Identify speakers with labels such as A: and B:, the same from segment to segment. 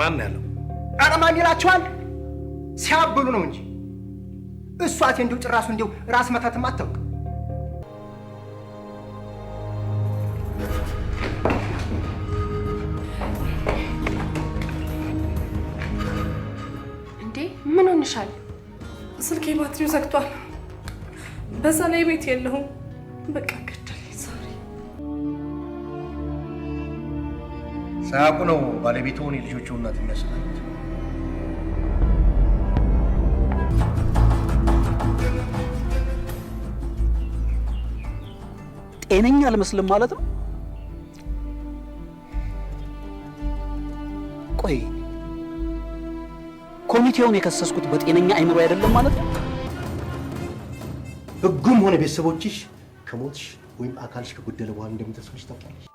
A: ማን ያለው?
B: ኧረ ማን ይላችኋል? ሲያብሉ ነው እንጂ እሷት እንዲሁ ጭራሱ እንዲሁ ራስ መታትም አታውቅ።
C: እንዴ ምን ሆንሻል?
D: ስልኬ ባትሪው ዘግቷል። በዛ ላይ ቤት የለሁም። በቃ
A: ሳያውቁ ነው ባለቤትዎን የልጆቹ እናት የሚያስናት።
B: ጤነኛ አልመስልም ማለት ነው። ቆይ ኮሚቴውን የከሰስኩት በጤነኛ አይምሮ አይደለም ማለት ነው።
A: ህጉም ሆነ ቤተሰቦችሽ ከሞትሽ ወይም አካልሽ ከጎደለ በኋላ እንደምትተሰዎች ታውቂያለሽ።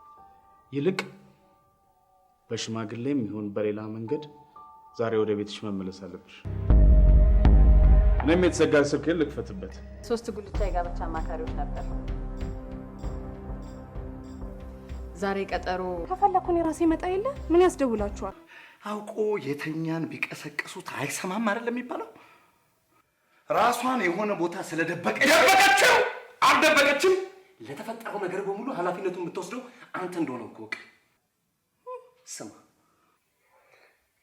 E: ይልቅ በሽማግሌም ይሁን በሌላ መንገድ ዛሬ ወደ ቤትሽ መመለስ አለብሽ። እኔም የተዘጋ ስልክ ልክፈትበት።
C: ሶስት ጉልቻ የጋብቻ አማካሪዎች ነበር። ዛሬ ቀጠሮ ከፈለኩን የራሴ መጣ የለ ምን ያስደውላችኋል?
A: አውቆ የተኛን ቢቀሰቅሱት አይሰማም አይደለም የሚባለው። ራሷን የሆነ ቦታ ስለደበቀ ደበቀችው አልደበቀችም፣ ለተፈጠረው ነገር በሙሉ ኃላፊነቱን የምትወስደው አንተ እንደሆነ እኮ ስማ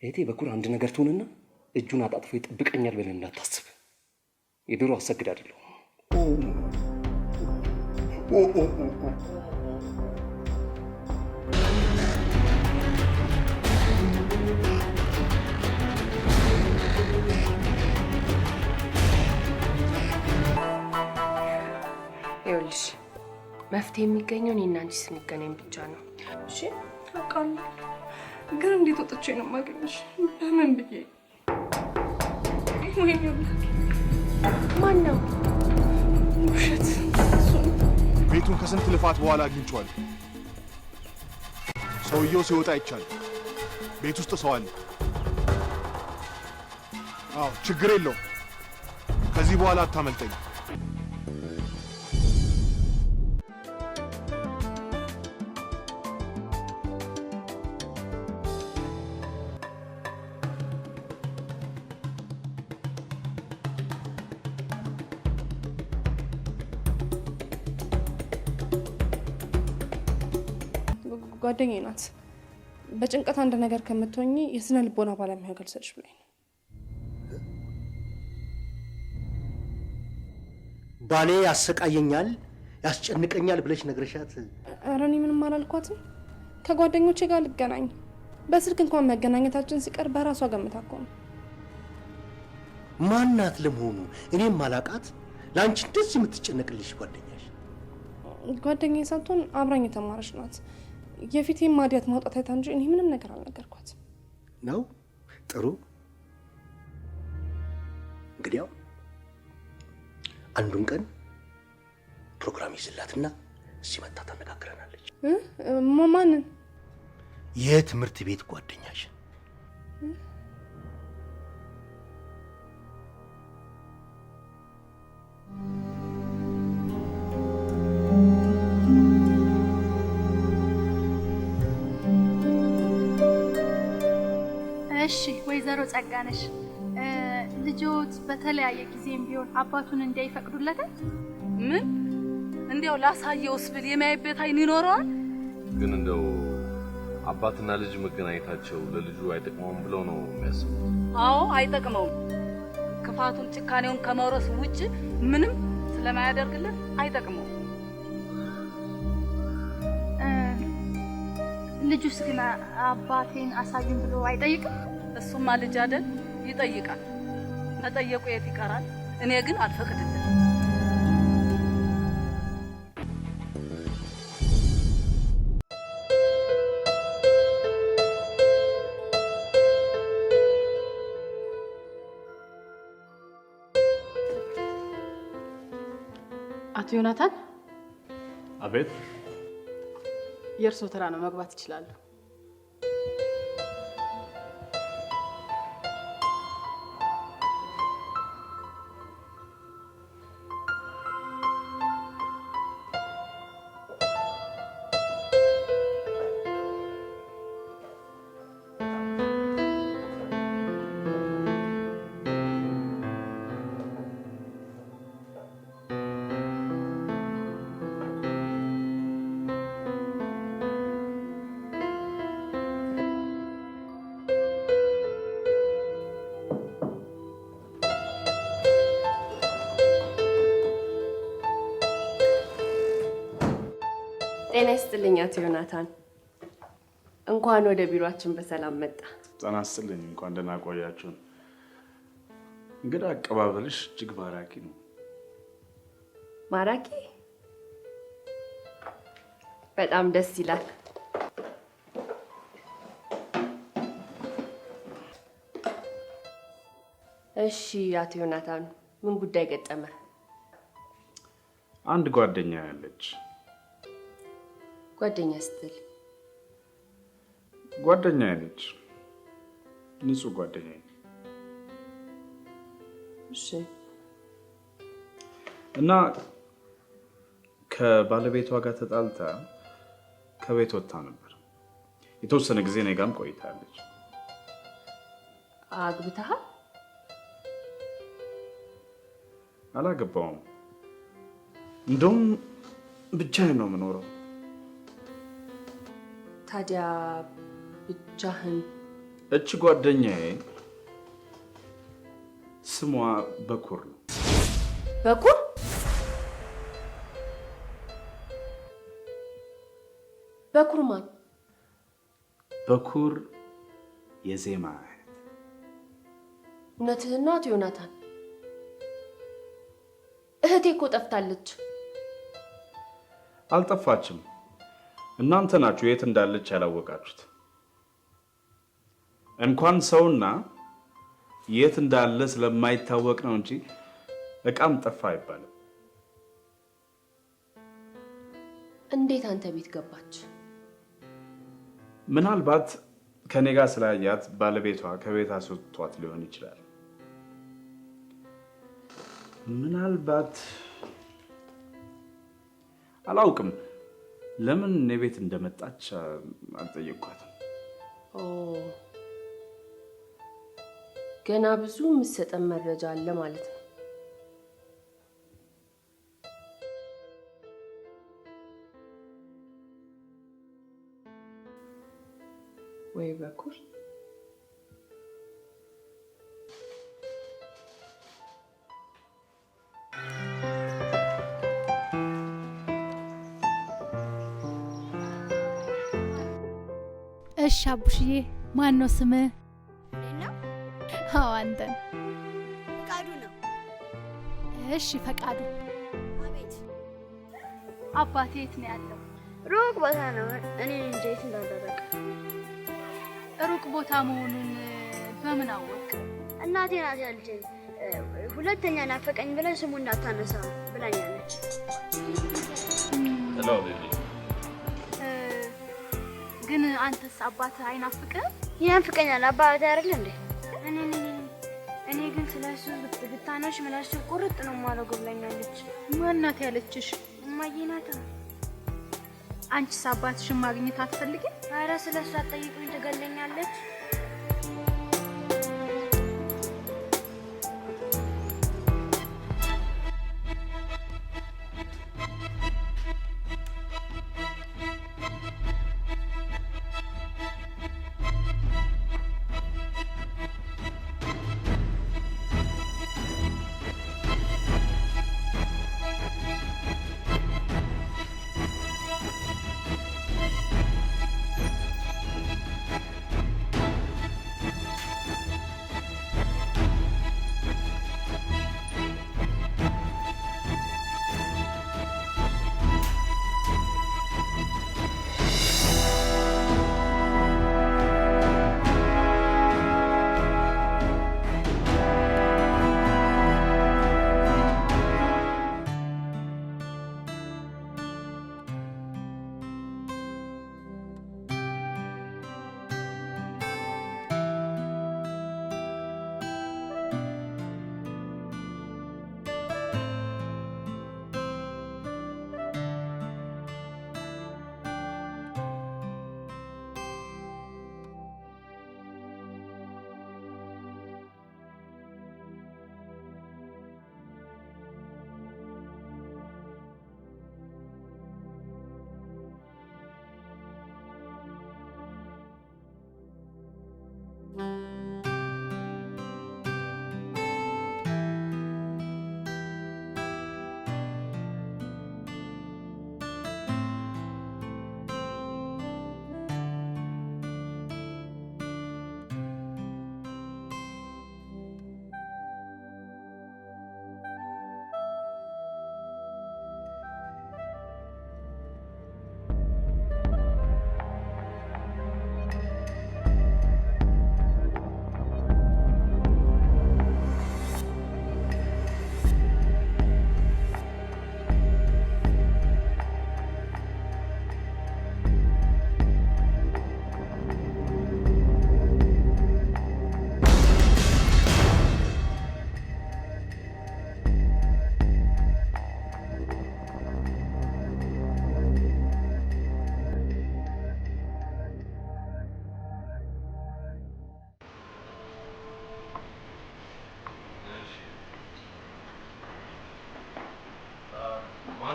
A: እህቴ በኩል አንድ ነገር ትሆንና እጁን አጣጥፎ ይጠብቀኛል ብለን እንዳታስብ። የድሮ አሰግድ አይደለሁ።
C: ልጅ መፍትሄ የሚገኘውን የእናንቺ ስንገናኝ ብቻ ነው።
D: እሺ ታውቃለህ ግን እንዴት ወጥቼ ነው የማገኘሽ? በምን ብዬ? ወይኔ ማን ነው? ውሸት።
E: ቤቱን ከስንት ልፋት በኋላ አግኝቼዋለሁ። ሰውየው ሲወጣ ይቻል ቤት ውስጥ ሰው አለ። አዎ ችግር የለውም። ከዚህ በኋላ አታመልጠኝ።
D: ጓደኛዬ ናት። በጭንቀት አንድ ነገር ከምትሆኝ የስነ ልቦና ባለሙያ ገልጸሽ ብሎኝ ነው።
A: ባሌ ያሰቃየኛል፣ ያስጨንቀኛል ብለች ነግረሻት?
D: ኧረ እኔ ምንም አላልኳትም። ከጓደኞቼ ጋር ልገናኝ በስልክ እንኳን መገናኘታችን ሲቀር በራሷ ገምታ እኮ ነው።
A: ማናት ለመሆኑ? እኔም አላቃት። ለአንቺ ደስ የምትጨነቅልሽ ጓደኛሽ
D: ጓደኛ ሳትሆን አብራኝ የተማረች ናት። የፊቴን ማዲያት ማውጣት አይታ እንጂ እኔ ምንም ነገር አልነገርኳት
A: ነው። ጥሩ እንግዲያው አንዱን ቀን ፕሮግራም ይዝላትና እዚህ ታነጋግረናለች። ማንን? የትምህርት ቤት ጓደኛሽን
C: ጸጋ ነሽ። ልጆት በተለያየ ጊዜም ቢሆን አባቱን እንዳይፈቅዱለታል። ምን እንዲያው ላሳየውስ ብል የሚያይበት አይን ይኖረዋል።
E: ግን እንደው አባትና ልጅ መገናኘታቸው ለልጁ አይጠቅመውም ብለው ነው የሚያስቡት።
C: አዎ አይጠቅመውም። ክፋቱን ጭካኔውን ከመውረስ ውጭ ምንም ስለማያደርግለት አይጠቅመውም። ልጁስ ግን አባቴን አሳዩን ብሎ አይጠይቅም። እሱማ ልጅ አይደል ይጠይቃል። መጠየቁ የት ይቀራል? እኔ ግን አልፈቅድልም። አቶ ዮናታን። አቤት። የእርስዎ ተራ ነው፣ መግባት ይችላሉ። ጤና ይስጥልኝ አቶ ዮናታን፣ እንኳን ወደ ቢሮአችን በሰላም መጣ።
E: ጤና ይስጥልኝ። እንኳን ደህና ቆያችሁን። እንግዳ አቀባበልሽ እጅግ ማራኪ ነው።
C: ማራኪ? በጣም ደስ ይላል። እሺ አቶ ዮናታን፣ ምን ጉዳይ ገጠመ?
E: አንድ ጓደኛ ያለች
C: ጓደኛ ስትል
E: ጓደኛ አይነች፣ ንጹህ ጓደኛ። እሺ። እና ከባለቤቷ ጋር ተጣልታ ከቤት ወጥታ ነበር። የተወሰነ ጊዜ እኔ ጋርም ቆይታለች። አግብተሃል? አላገባውም። እንደውም ብቻዬን ነው የምኖረው።
C: ታዲያ ብቻህን?
E: እች ጓደኛዬ ስሟ በኩር ነው።
C: በኩር በኩር ማን?
E: በኩር የዜማ እህት።
C: እውነትህን ነው አቶ ዮናታን? እህቴ እኮ ጠፍታለች።
E: አልጠፋችም እናንተ ናችሁ የት እንዳለች ያላወቃችሁት። እንኳን ሰውና የት እንዳለ ስለማይታወቅ ነው እንጂ እቃም ጠፋ አይባልም።
C: እንዴት አንተ ቤት ገባች?
E: ምናልባት ከኔ ጋር ስላያት ባለቤቷ ከቤት አስወጥቷት ሊሆን ይችላል። ምናልባት አላውቅም። ለምን እኔ ቤት እንደመጣች አልጠየቅኳትም።
C: ገና ብዙ የምትሰጠን መረጃ አለ ማለት ነው። ወይ በኩል አቡሽዬ ማን ነው ስምህ? አዎ አንተ ፈቃዱ ነው። እሺ ፈቃዱ።
D: አቤት። አባቴ የት ነው ያለው? ሩቅ ቦታ ነው። እኔ እንጃ የት ሩቅ ቦታ መሆኑን በምን አወቅ? እናቴ ናት ያልችል ሁለተኛ ናፈቀኝ ብለን ስሙ እንዳታነሳ ብላኛለች። ግን አንተ አባት አይናፍቅም? ይናፍቀኛል። አባት አይደል እንዴ? እኔ እኔ ግን ስለሱ ብታነሽ ምላሽ ቁርጥ ነው ማለት ብላኛለች።
C: ማናት ያለችሽ? እማዬ ናት። አንቺስ አባትሽን ማግኘት አትፈልጊም?
D: አረ ስለሱ አትጠይቁኝ፣ ትገለኛለች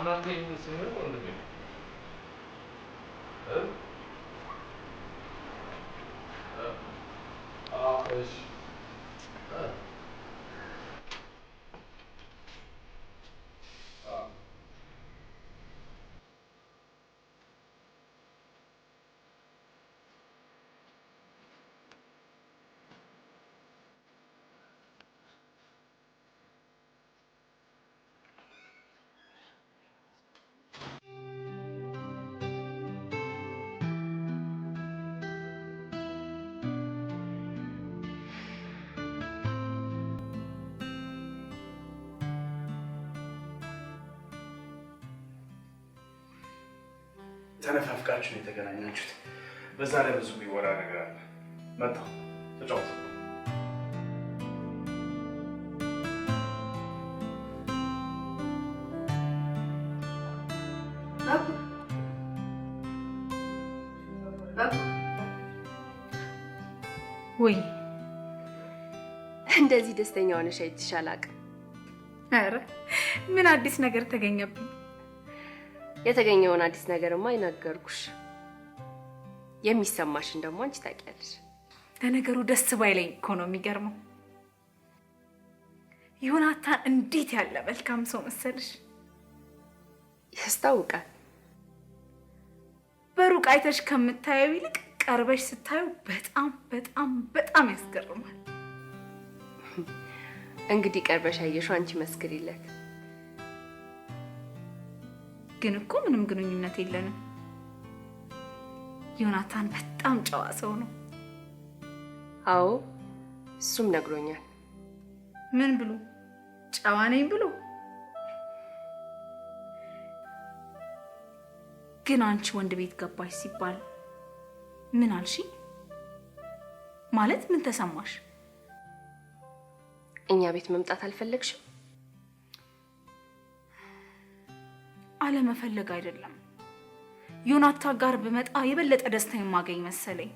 E: Sanatçı isimleri mi onu diyor? Evet. Evet. Ah, eş. ተነፋፍቃችሁ ነው የተገናኛችሁት። በዛ ላይ ብዙ የሚወራ ነገር አለ። መጣሁ ተጫወት።
C: ወይ እንደዚህ ደስተኛ ሆነሽ አይቼሽ አላውቅም።
D: ኧረ ምን አዲስ ነገር ተገኘብኝ?
C: የተገኘውን አዲስ ነገርማ ይነገርኩሽ። የሚሰማሽን ደግሞ አንቺ ታውቂያለሽ።
D: ለነገሩ ደስ ባይለኝ እኮ ነው የሚገርመው። ዮናታን እንዴት ያለ መልካም ሰው መሰልሽ
C: ያስታውቃል።
D: በሩቅ አይተሽ ከምታየው ይልቅ ቀርበሽ ስታዩ በጣም በጣም በጣም ያስገርማል።
C: እንግዲህ ቀርበሽ አየሽው አንቺ መስክሪለት።
D: ግን እኮ ምንም ግንኙነት የለንም። ዮናታን በጣም ጨዋ ሰው ነው።
C: አዎ እሱም ነግሮኛል።
D: ምን ብሎ? ጨዋ ነኝ ብሎ። ግን አንቺ ወንድ ቤት ገባሽ ሲባል ምን አልሽ? ማለት ምን ተሰማሽ?
C: እኛ ቤት መምጣት አልፈለግሽም?
D: አለመፈለግ አይደለም። ዮናታ ጋር ብመጣ የበለጠ ደስታ የማገኝ መሰለኝ።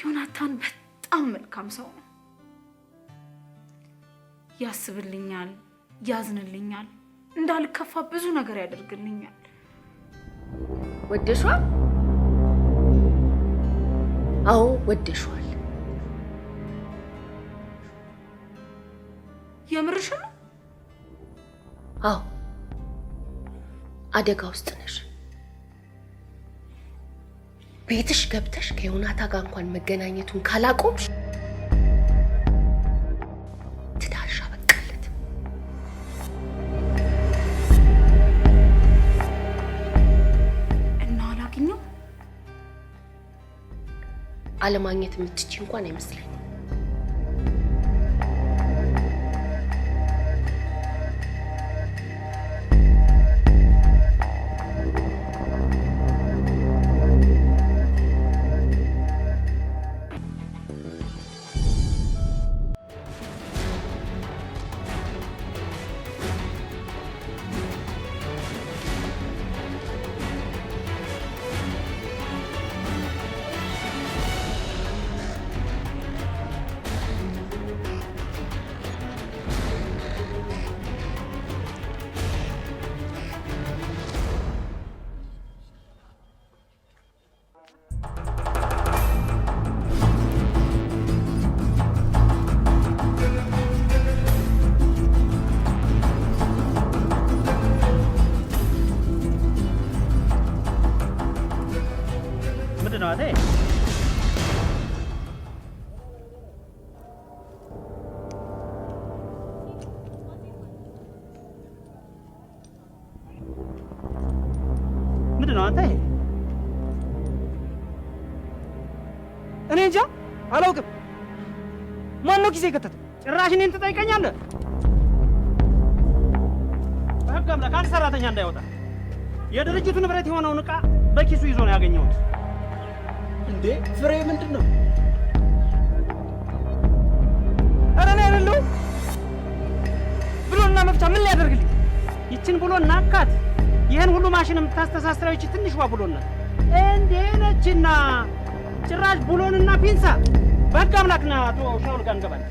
D: ዮናታን በጣም መልካም ሰው ነው። ያስብልኛል፣ ያዝንልኛል፣ እንዳልከፋ ብዙ ነገር ያደርግልኛል።
C: ወደሿል? አዎ ወደሿል። የምርሽ ነው? አዎ አደጋ ውስጥ ነሽ። ቤትሽ ገብተሽ ከዮናታ ጋር እንኳን መገናኘቱን ካላቆምሽ አለማግኘት የምትችይ እንኳን አይመስለኝም።
F: ጊዜ ከተተ። ጭራሽ እኔን ትጠይቀኛለህ? በህግ አምላክ አንድ ሰራተኛ እንዳይወጣ የድርጅቱ ንብረት የሆነውን እቃ በኪሱ ይዞ ነው ያገኘሁት።
G: እንዴ ፍሬ፣ ምንድን ነው?
F: ኧረ እኔ አይደለሁም። ብሎና መፍቻ ምን ሊያደርግልኝ? ይችን ብሎ እናካት ይህን ሁሉ ማሽን የምታስተሳስረው ይቺ ትንሿ ብሎና እንዴ ነችና ጭራሽ ብሎንና ፒንሳ በህግ አምላክና አቶ ሻውል ጋር እንገባለን።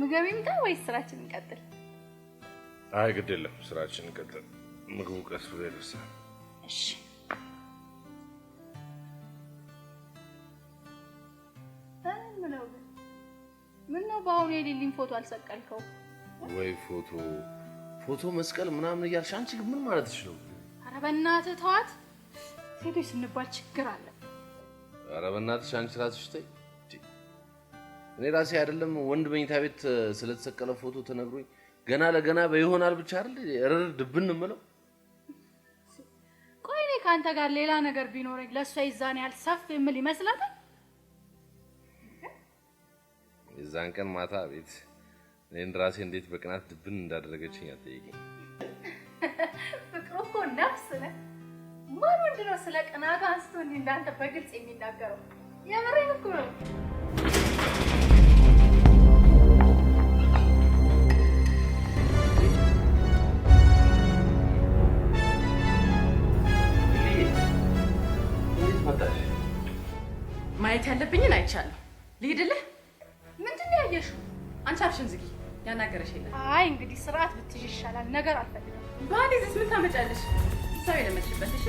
D: ምግብ ይምጣ ወይስ ስራችን እንቀጥል?
E: አይ ግድ የለም፣ ስራችን ቀጥል። ምግቡ ቀስ ብሎ ይደርሳል።
D: እሺ ምን ነው በአሁኑ የሌሊን ፎቶ አልሰቀልከው
E: ወይ? ፎቶ ፎቶ መስቀል ምናምን እያልሽ አንቺ ምን ማለትሽ ነው?
D: ኧረ በእናትህ ተዋት። ሴቶች ስንባል ችግር አለ።
E: ኧረ በእናትሽ አንቺ እራስሽ ተይ። እኔ ራሴ አይደለም ወንድ መኝታ ቤት ስለተሰቀለ ፎቶ ተነግሮኝ ገና ለገና በይሆናል ብቻ አይደል እርር ድብን ምለው
D: ቆይ እኔ ከአንተ ጋር ሌላ ነገር ቢኖረኝ ለእሷ ይዛን ያህል ሰፍ የምል ይመስላታል።
E: የዛን ቀን ማታ ቤት እኔን ራሴ እንዴት በቅናት ድብን እንዳደረገችኝ አትጠይቂኝ።
D: ፍቅሩ እኮ ነፍስ ነ ማን ወንድ ነው ስለ ቅናቱ አንስቶ እንዲህ እንዳንተ በግልጽ የሚናገረው? የምሬን እኮ ነው።
F: ማየት ያለብኝን አይቻለሁ። ልሂድልህ። ምንድን ነው ያየሽው? አንቺ አፍሽን ዝጊ። ያናገረሽ የለም።
D: አይ እንግዲህ ስርዓት ብትይዥ ይሻላል። ነገር አልፈልግም።
F: ባህል ይዘሽ ምን ታመጫለሽ? ሰው የለመችበት እሺ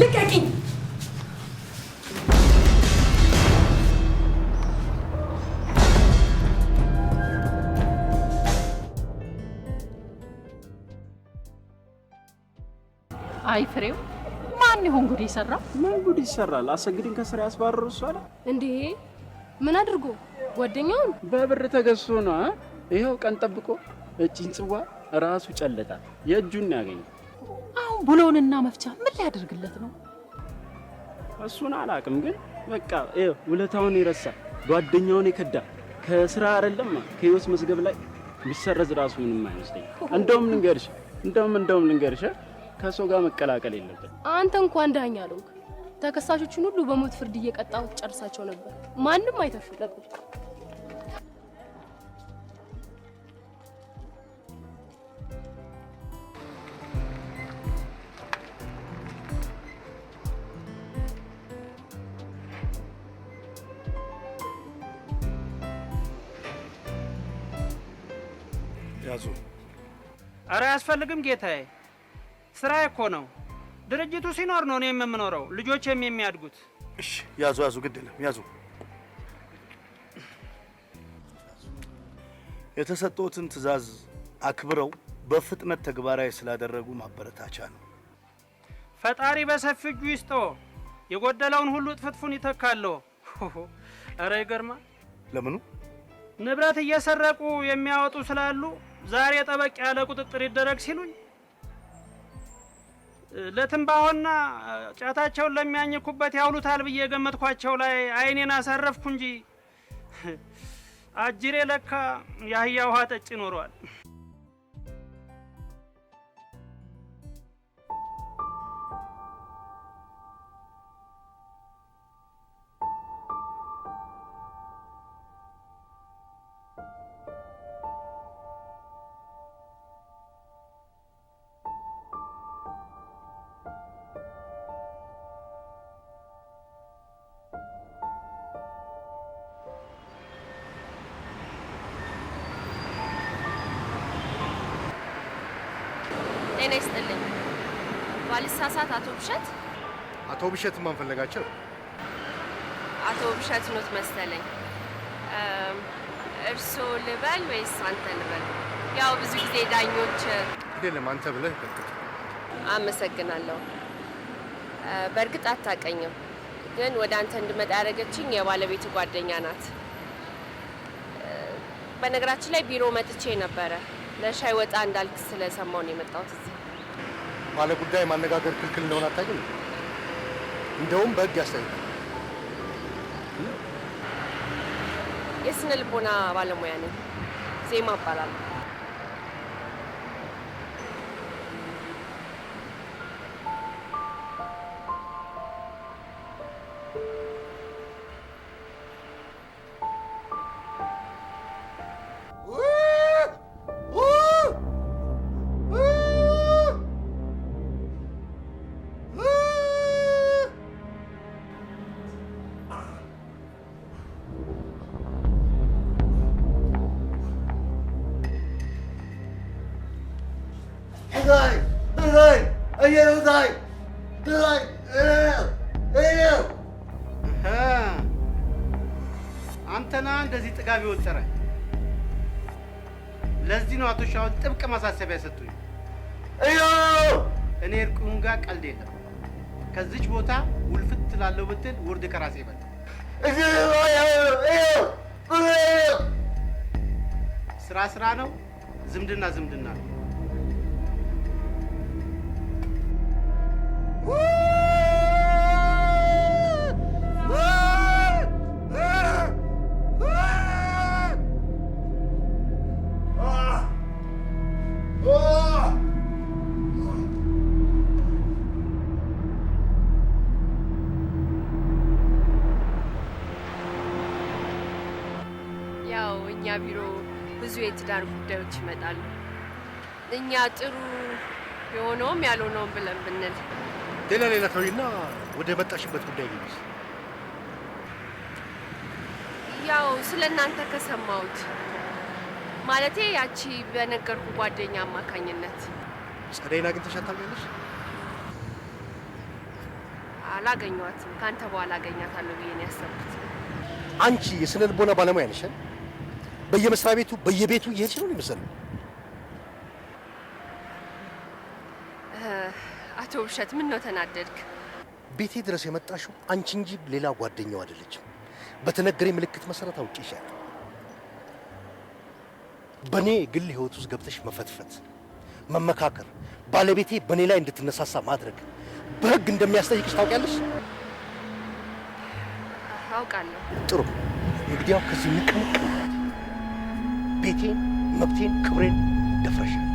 D: ልቀቂኝ አይ ፍሬው፣ ማን ይሆን ጉድ ይሰራ?
G: ምን ጉድ ይሰራል? አሰግድን ከስራ ያስባረሩ እሷል
D: እንዴ? ምን አድርጎ? ጓደኛውን
G: በብር ተገዝቶ ነው። ይኸው ቀን ጠብቆ እቺን ጽዋ ራሱ ጨለጣል። የእጁን ያገኘ።
D: አሁን ብሎንና መፍቻ ምን ሊያደርግለት ነው?
G: እሱን አላውቅም፣ ግን በቃ ይኸው ውለታውን ይረሳ፣ ጓደኛውን ይከዳ። ከስራ አይደለም ከህይወት መዝገብ ላይ ቢሰረዝ ራሱ ምንም አይመስለኝ። እንደውም ልንገርሽ እንደውም እንደውም ልንገርሽ ከሰው ጋር መቀላቀል የለብን።
D: አንተ እንኳን ዳኛ አልሆንክ። ተከሳሾቹን ሁሉ በሞት ፍርድ እየቀጣሁ ጨርሳቸው ነበር። ማንም አይተፍለብም።
E: ያዙ።
F: አረ አያስፈልግም ጌታዬ። ስራ እኮ ነው። ድርጅቱ ሲኖር ነው እኔም የምኖረው ልጆቼም የሚያድጉት።
E: እሺ ያዙ ያዙ፣ ግድ የለም ያዙ። የተሰጠዎትን ትዕዛዝ አክብረው በፍጥነት ተግባራዊ ስላደረጉ ማበረታቻ ነው።
F: ፈጣሪ በሰፊ እጁ ይስጦ፣ የጎደለውን ሁሉ ጥፍጥፉን ይተካለሁ። እረ ይገርማል። ለምኑ ንብረት እየሰረቁ የሚያወጡ ስላሉ ዛሬ ጠበቅ ያለ ቁጥጥር ይደረግ ሲሉኝ ለትንባሆና ጫታቸውን ለሚያኝኩበት ያውሉታል ብዬ ገመትኳቸው ላይ አይኔን አሳረፍኩ እንጂ አጅሬ ለካ የአህያ ውሃ ጠጭ ይኖረዋል።
C: ጤና ይስጥልኝ። ባልሳሳት አቶ ብሸት
E: አቶ ብሸት ማን ፈለጋቸው?
C: አቶ ብሸት ኖት መሰለኝ። እርሶ ልበል ወይስ አንተ ልበል? ያው ብዙ ጊዜ ዳኞች
E: አይደለም አንተ ብለህ
C: አመሰግናለሁ። በእርግጥ ግን ወደ አንተ እንድመጣ ያደረገችኝ የባለቤት ጓደኛ ናት። በነገራችን ላይ ቢሮ መጥቼ ነበረ። ለሻይ ወጣ እንዳልክ ስለሰማው ነው የመጣሁት እዚህ
E: ባለጉዳይ ማነጋገር ክልክል እንደሆነ አታውቅም? እንደውም በህግ ያስጠይቃል።
C: የስነ ልቦና ባለሙያ ነኝ። ዜማ እባላለሁ።
F: አሁን ጥብቅ ማሳሰቢያ ሰጡኝ። እኔ እርቁን ጋር ቀልድ የለም። ከዚች ቦታ ውልፍት ትላለው ብትል ውርድ ከራሴ ይበል። ስራ ስራ ነው፣ ዝምድና ዝምድና ነው።
C: ሰዎች ይመጣሉ። እኛ ጥሩ የሆነውም ያልሆነውም ብለን ብንል
E: ሌላ ሌላ ተውና ወደ መጣሽበት ጉዳይ ግቢስ።
C: ያው ስለ እናንተ ከሰማሁት ማለቴ ያቺ በነገርኩ ጓደኛ አማካኝነት
E: ጸደይን አግኝተሻት ታውቂያለሽ?
C: አላገኘኋትም። ከአንተ በኋላ አገኛታለሁ ብዬ ነው ያሰብኩት።
E: አንቺ የስነ ልቦና ባለሙያ ነሽ። በየመስሪያ ቤቱ በየቤቱ እየሄድሽ ነው የሚመስለው።
C: አቶ ውብሸት ምን ነው ተናደድክ?
E: ቤቴ ድረስ የመጣሽው አንቺ እንጂ ሌላ ጓደኛው አይደለችም። በተነገረኝ ምልክት መሰረት አውቄሻለሁ። በእኔ ግል ህይወት ውስጥ ገብተሽ መፈትፈት፣ መመካከር፣ ባለቤቴ በእኔ ላይ እንድትነሳሳ ማድረግ በህግ እንደሚያስጠይቅሽ ታውቂያለሽ? አውቃለሁ። ጥሩ እንግዲያው ከዚህ ንቅንቅ ቤቴን፣ መብቴን፣ ክብሬን ደፍረሻል።